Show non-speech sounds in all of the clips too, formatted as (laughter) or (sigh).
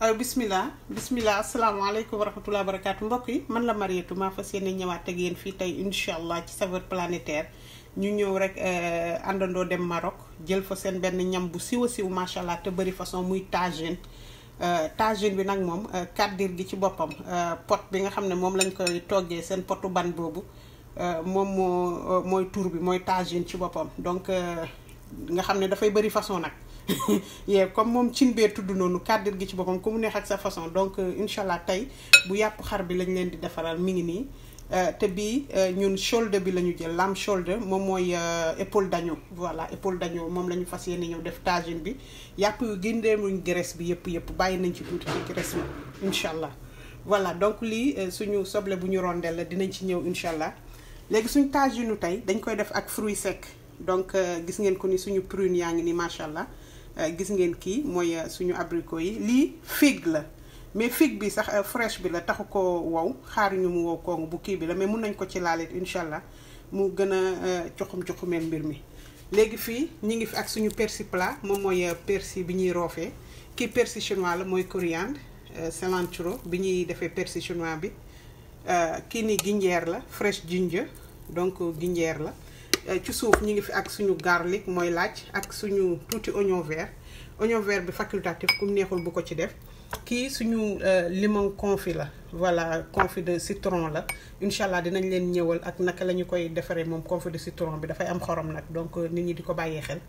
aw euh, bismillah bismillah asalaamaaleykum wa rahmatulah barakaatu mbokk yi man la Mariétou maa fa yéene ñëwaat ak yéen fii tey incha allah ci saveur planetaire ñu ñëw rek euh, àndandoo dem Maroc jël fa seen benn ñam bu siwa siw macha allah te bari façon muy tagine euh, tagine bi nag moom kàddir gi ci boppam pot bi nga xam ne moom lañ koy toggee seen potu ban boobu moom moo mooy tur bi mooy tagine ci boppam donc nga xam ne dafay bëri façon nag. (laughs) comme moom cin tout de noonu nous gi ci mu neex sa façon donc euh, inshallah bu bi lañ di mi ngi euh, euh, shoulder bi lamb shoulder moom mooy épaule d'agneau voilà épaule d'agneau moom la fas yéene def tagine bi yu graisse bi yëpp yëpp graisse voilà donc lii suñu soble bu ñu rondel la dinañ ci ñëw incha fruits secs donc euh, gis ngeen ko ni suñu prune yaa ngi nii macha allah euh, gis ngeen kii mooy euh, suñu abricot yi lii figue la mais figue bi sax fraîche bi la taxu ko wow xaaruñu mu wow koongu bu kii bi la mais mun nañ ko ci laalit incha allah mu gën a cuxum cuxumeel mbir mi léegi fii ñu ngi fi ak suñu persil plat moom mooy persil bi ñuy roofee kii persil chinois la mooy coriandre cilantro bi ñuy defee persil chinois bi kii ni gingembre la fresh ginger donc gingembre la Eh, ci souf ñu ngi fi ak suñu garlic moy laaj ak suñu touti oignon vert oignon vert bi facultatif kum neexul bu ko ci def ki suñu eh, limon confit la voilà confit de citron la incha dinañ leen ñëwal ak naka lañu koy defaree moom confit de citron bi dafay am xorom nag donc eh, nit ñi di ko bàyyee xel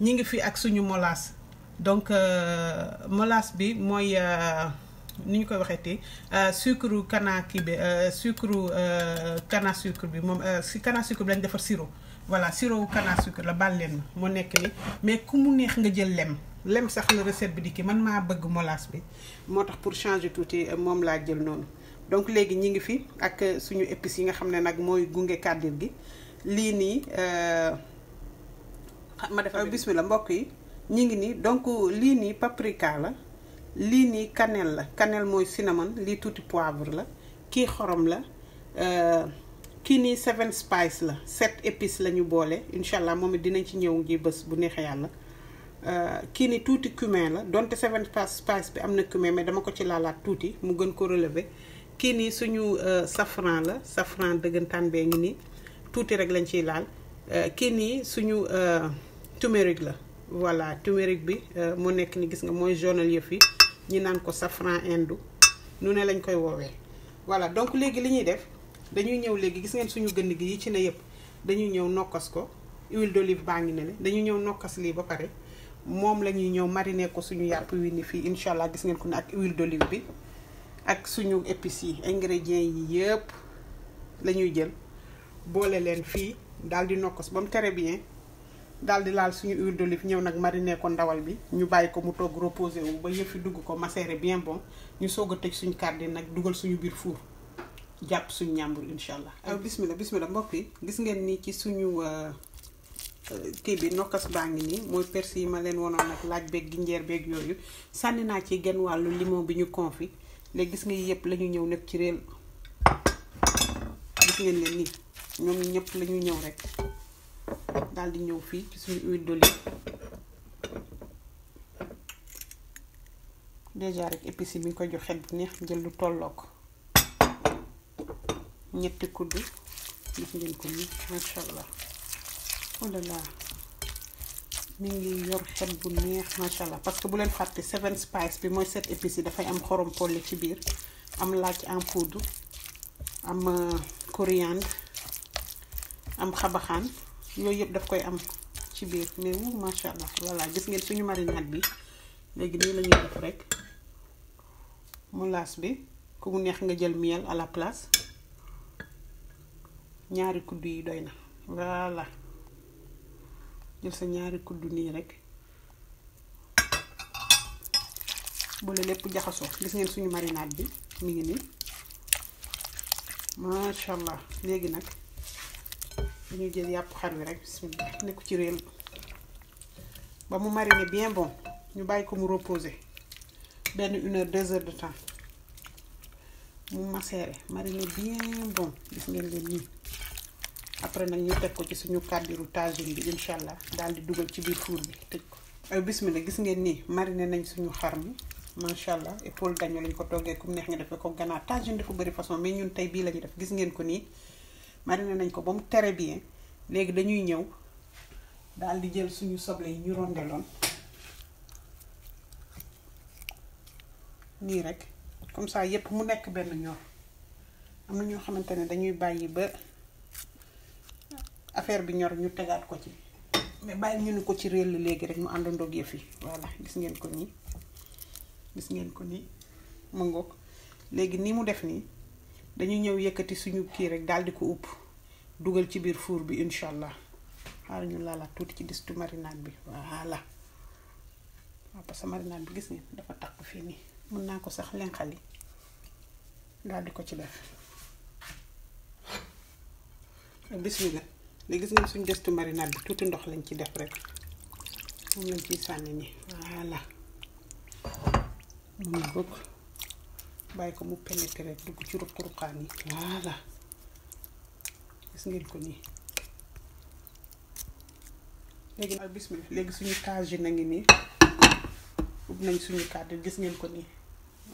ñi ngi fi ak suñu molasse donc molas bi mooy ni ñu koy waxeeti sucre cana kii bi sucre cana sucre bi moom si cana sucre bi lañ defar sirop voilà sirop canne à la baal ma moo nekk ni mais ku mu neex nga jël lem lem sax la recette bi di ki man maa bëgg molaas bi moo tax pour changer tuuti euh, moom laa jël noonu donc léegi ñi ngi fi ak euh, suñu épices yi nga xam ne nag mooy gunge kàddir gi lii nii euh, ma def bismillah mbokk yi ñi ngi nii donc lii nii paprika la lii nii cannelle la cannelle mooy cinnamon lii tuuti poivre la kii xorom la kii nii seven spice la sept épices la ñu boole incha allah moom it dinañ ci ñëw ngi bés bu neexee yàlla euh, kii ni tuuti cumin la donte seven spice bi am na cumin mais dama ko ci laalaat tuuti mu gën ko relever kii nii suñu euh, safran la safran dëggantaan bee ngi nii tuuti rek lañ ciy laal euh, kii nii suñu turmeric la voilà turmeric bi mu nekk ni gis nga mooy jaunal yëf yi ñu naan ko safran indu nu ne lañ koy woowee voilà donc léegi li ñuy def dañuy ñëw léegi gis ngeen suñu gën gi yi ci ne yëpp dañuy ñëw nokkos ko huile d'olive baa ngi ne le dañuy ñëw nokkos lii ba pare moom la ñuy ñëw mariner ko suñu yàpp wi ni fii incha allah gis ngeen ko ne ak huile d'olive bi ak suñu épices yi ingrédients yi yëpp la jël boole leen fii daal di nokkos ba mu tere bien daal di laal suñu huile d'olive ñëw nag mariner ko ndawal bi ñu bàyyi ko mu toog reposer wu ba yëf dugg ko macérer bien bon ñu soog a tëj suñu cardine nag dugal suñu biir four jàpp suñu ñàmbur insha allah. waaw Bismillah Bismillah. mbokk yi gis ngeen ni ci suñu euh, euh, kii bi nokkas baa ngi nii mooy persil yi ma leen wanoon ak laaj beeg ginjeer beeg yooyu sànni naa ci gen wàllu limon bi ñu confi léegi gis nga yëpp la ñu ñëw nag ci réel gis ngeen leen ni ñoom ñëpp la ñu rek daal di ñëw fii ci suñu huile d'olive déjà rek épices yi mi ngi ko joxe bu neex jël lu ñetti kudd gis ngeen ko ni macha allah oh la mi ngi yor xet bu neex macha allah parce que bu leen fàtte seven spice bi mooy sept épices yi dafay am xorom polle ci biir am laaj en poudre am euh, coriandre am xabaxaan yooyu yëpp daf koy am ci biir mais wu macha allah voilà gis ngeen suñu marinade bi léegi nii la ñuy def rek molaas bi ku mu neex nga jël miel à la place. voilà jël sa ñaari kudd nii rek boole lépp jaxasoo gis ngeen suñu marinade bi mi ngi nii macha allah rek ci bien bon ñu ko reposer une heure deux heures de temps mu mariné. bien bon gis ngeen après nak ñu tek ko ci suñu cadre tagine bi inshallah dal di duggal ci biir four bi tej ko ay bismillah gis ngeen ni mariné nañ suñu xar mi macha allah épaule dañu lañ ko toggee kum neex nga def ko gëna tagine dafa bari façon mais ñun tay bi lañ def gis ngeen ko ni mariné nañ ko bam téré bien légui dañuy ñëw dal di jël suñu soblé yi ñu rondeloon ni rek comme ça yépp mu nekk ben ñoo am na ñoo xamantene dañuy bayyi ba affaire bi ñor ñu tegaat ko ci mais bay ñu ni ko ci réel légui rek ñu àndandoog yëf yi voilà gis ngeen ko ni gis ngeen ko ni ma ngok légui ni mu def ni dañu ñew yëkëti suñu ki rek dal di ko upp duggal ci biir four bi inshallah xaar ñu la la tuuti ci distu marinade bi voilà apa parce marinade bi gis ngeen dafa takk fi ni mën naa ko sax lenxali dal di ko ci def bismillah léegi gis ngeen suñ destu marinade bi tuuti ndox lañ ci def rek moom lañ ciy sànni ni voilà mu ngi bàyyi ko mu pénétré rek dugg ci ruq-ruqaan yi voilà gis ngeen ko nii léegi nag bismillah léegi suñu taaj nangi na nii ub nañ suñu kàddu gis ngeen ko nii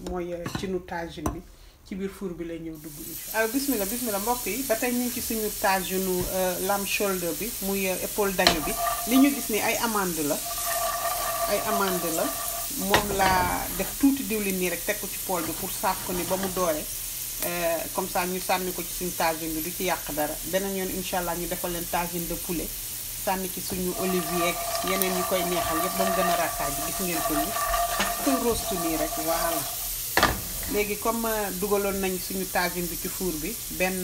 mooy euh, cinu taajin bi ci biir four bi lay ñëw dugg incha allah bismillah bismillah mbokk yi ba tey ñu ngi ci suñu tajunu euh, lamb shoulder bi muy euh, épaule dañu bi li ñu gis ni ay amande la ay amande la moom laa def tuuti diwlin nii rek tekku ci pool bi pour saaf ko ni ba mu doore euh, comme ça ñu sànni ko ci suñu tajine bi di ci yàq dara beneen ñoon incha allah ñu defal leen tajine de poulet sànni ci suñu olivier ak yeneen yi koy neexal yëpp ba mu gën a ràkkaaj gis ngeen ko ni nii rek voilà léegi comme euh, dugaloon nañ suñu tagine bi ci four bi benn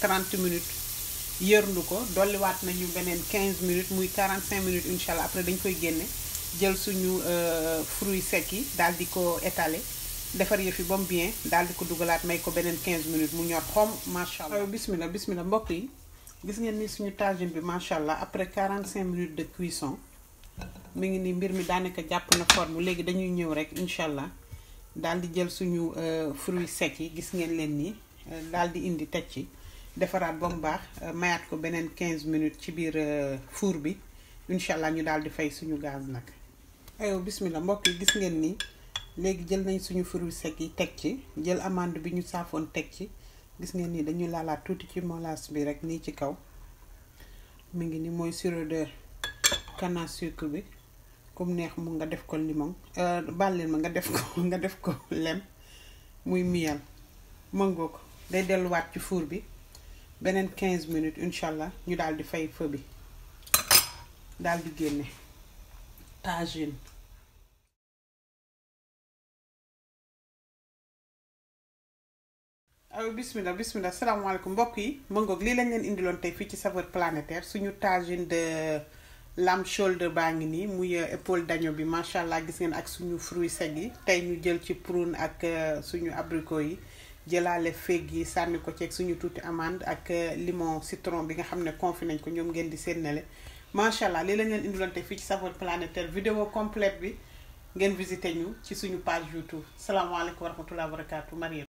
30 euh, minutes yërndu ko dolliwaat nañu beneen 15 minutes muy 45 minutes incha allah après dañ koy génne jël suñu euh, fruits secs yi daal di ko étaler defar yëf yi ba mu bien daal di ko dugalaat may ko beneen 15 minutes mu ñor xom macha allah. bismillah bismillah mbokk yi gis ngeen ni suñu tagine bi macha allah après 45 minutes de cuisson mi ngi ni mbir mi daanaka jàpp na forme léegi dañuy ñëw rek incha allah. daal di jël suñu euh, fruits secs yi gis ngeen leen nii euh, daal di indi teg ci defaraat ba mu baax euh, mayaat ko beneen 15 minutes ci biir four bi incha allah ñu daal di fay suñu gaz nag. aywa bismillah mbokk yi gis ngeen nii léegi jël nañ suñu fruits secs yi teg ci jël amande bi ñu saafoon teg ci gis ngeen nii dañuy laalaat tuuti ci molasse bi rek nii ci kaw mu ngi ni mooy sirop de canne à bi. comme neex mu nga def ko limon euh, bàllil ma nga def ko (laughs) nga def ko lem muy miyal mëngoo ko day delluwaat ci fuur bi beneen 15 minutes incha ñu daal di fay feu bi daal di génne tagine aw bismillah bismillah salaamaaleykum mbokk yi mëngoog lii lañ leen indiloon tey fii ci saveur planétaire suñu tagine de lamb shoulder baa ngi nii muy euh, épaule daño bi macha allah gis ngeen ak suñu fruit sec yi tey ñu jël ci prune ak euh, suñu abricot yi jëlaale féeg yi sànni ko ceeg suñu tuuti amande ak euh, limon citron bi nga xam ne confi ko ñoom ngeen di séddale macha allah lii la ngeen indiloon fii ci Saveurs planetaire vidéo complet bi ngeen visité ñu ci suñu page YouTube salaamaaleykum wa rahmatulah wa barakaatu